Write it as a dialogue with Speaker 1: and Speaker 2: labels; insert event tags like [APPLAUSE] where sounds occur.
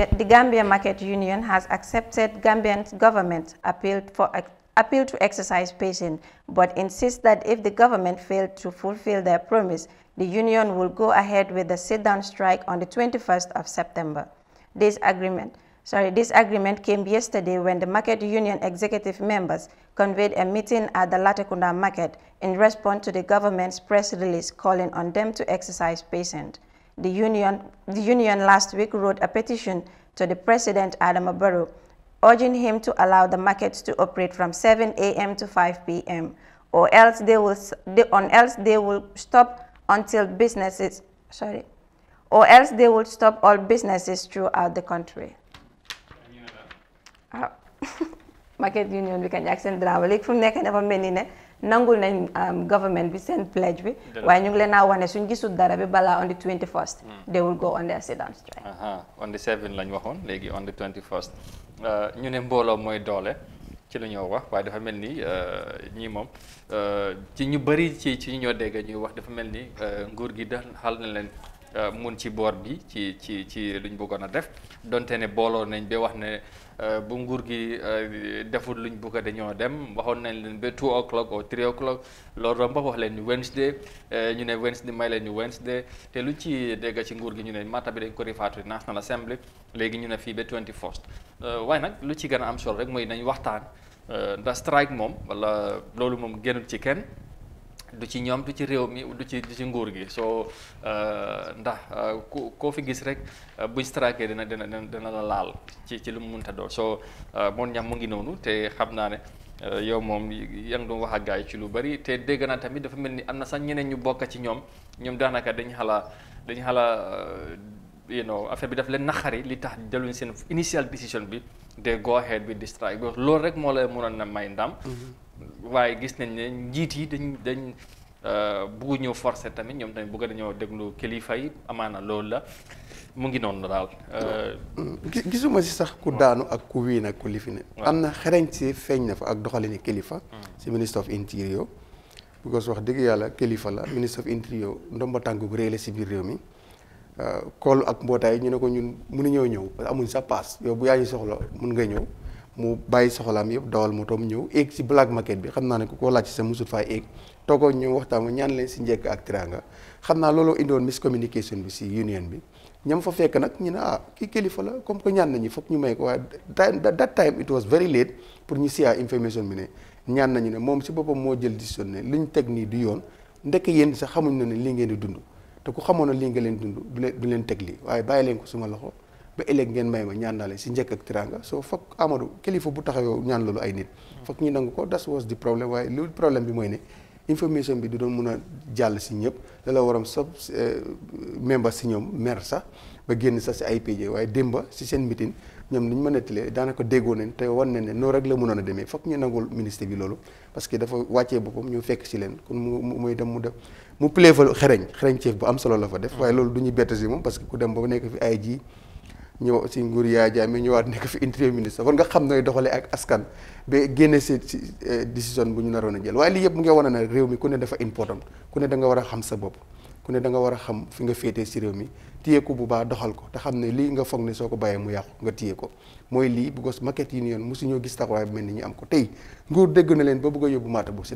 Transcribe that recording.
Speaker 1: Eh, the Gambia Market Union has accepted Gambian government appeal for appeal to exercise patience, but insists that if the government failed to fulfill their promise, the union will go ahead with the sit-down strike on the 21st of September. This agreement, sorry, this agreement came yesterday when the market union executive members convened a meeting at the Latakunda market in response to the government's press release calling on them to exercise patience the union, the union last week wrote a petition to the President Adam Barrow, urging him to allow the markets to operate from 7 a.m. to 5 p.m. or else they will, they, else they will stop until businesses, sorry, or else they will stop all businesses throughout the country. Ah. [LAUGHS] market union we can accent seen drama léegi from there, nekk dafa mel nangul nañ government bi seen pledge bi waaye ñu ngi leen a wane suñ gisul dara bi balaa on the 21st hmm. they will go on their sit down strike
Speaker 2: on waxoon léegi on the 21st euh, ñu ne mbooloo mooy doole ci lu ñoo wax waaye dafa mel ni euh, ñii moom euh, ci ñu bëri ci ci ñu ñoo dégg ñuy wax dafa mel ni nguur gi daal xal na leen Euh, mun ci boor bi ci ci ci luñ bëggoon a def donte ne booloo nañ ba wax ne euh, bu nguur gi euh, deful luñ bëgg a dañoo dem waxoon nañ leen ba two o'clock ou three o'clock loolu romb wax leen ñu Wednesday ñu ne Wednesday may leen ñu Wednesday te lu ci dégg ci nguur gi ñu ne mata bi dañ ko rifaatu National Assembly léegi ñu ne fii ba twenty first waaye nag lu ci gën a am solo rek mooy nañ waxtaan ndax strike moom wala loolu moom génnul ci kenn du ci ñoom du ci réew mi du ci du ci nguur gi gitu. euh ndax eh, ko fi gis rek eh, buñ straqué ya, dina dina dina la laal ci ci lu do so eh, mon ñam mu ngi nonu te xamna né yow mom yang do wax ak gaay ya ci lu bari te dégg na tamit dafa melni amna sax ñeneen ñu bokk ci ñoom ñoom daanaka dañ xala dañ xala you know affaire bi daf leen naxari li tax jëluñ seen initial decision bi de go ahead with this strike lool rek mo lay mëna may ndam mm-hmm. waaye gis nañ ne njiit yi dañ dañ euh, bugg ñëw forcé tamit ñoom tamit bugg dañoo déglu kilifa yi amaana loolu la mu ngi noonu daal. Euh.
Speaker 3: gisuma si sax ku daanu ak ku wii nag ku lifi am na xereñ si feeñ na fa ak doxalini kilifa. si mm. ministre of interior. because wax dëgg yàlla kilifa la ministre of interior ndomba tànk bu réy la si biir réew mi. kool euh, ak mbootaay ñu ne ko ñun mënuñoo ñëw parce que amuñ sa paas yow bu yaa soxla mun nga ñëw. mu bay soxlaam yeb dawal motoom ñew ek ci black market bi xamna ne ku ko laaj sa musul faa ek togo ñu waxtam mu ñaan leen si ak tiranga xamna lolo indone miscommunication bi si union bi ñam fa fekk nak ñina ah ki kelifa la comme ko ñaan nañu foog ñu may ko that time it was very late pour ñu a information bi ne ñaan nañu ne mom si bopam mo jël decision ne liñ tek ni du yoon ndek yeen sax xamuñ na ne li ngeen di dund te ku xamono li nga leen dund du leen tek li waye bayaleen ko suma loxo ba ëllëg ngeen may ma ñaan naa leen si njëkk ak tiranga soo foog Amadou kilifa bu taxawoo ñaan loolu ay nit. foog ñu nangu ko das was di problème waaye lu problème bi mooy ne information bi du doon mun a jàll si ñëpp da la waram sob eh, membre si ñoom maire sax ba génn sax si ay IPJ waaye démba si seen meeting ñoom ni ñu ma nettalee daanaka déggoo nañ te wan nañ ne noo rek la mënoon a demee foog ñu nangul ministre bi loolu parce dafa wàccee boppam ñu fekk si la fa ñëw aussi nguur yaay jaay mi ñëwaat nekk fi intérieur ministre war nga xam nooy doxalee ak askan ba génne si eh, décision bu ñu naroon a jël waaye lii yëpp mu ngi wane ne réew mi ku ne dafa important ku ne da nga war a xam sa bopp ku ne da nga war a xam fi nga féetee si réew mi téye ko bu baax doxal ko te xam ne lii nga foog ne soo ko bàyyee mu yàqu nga téye ko mooy lii because market union mosu ñoo gis taxawaay bu mel ni ñu am ko tey nguur dégg na leen ba bëgg a yóbbu maata bu si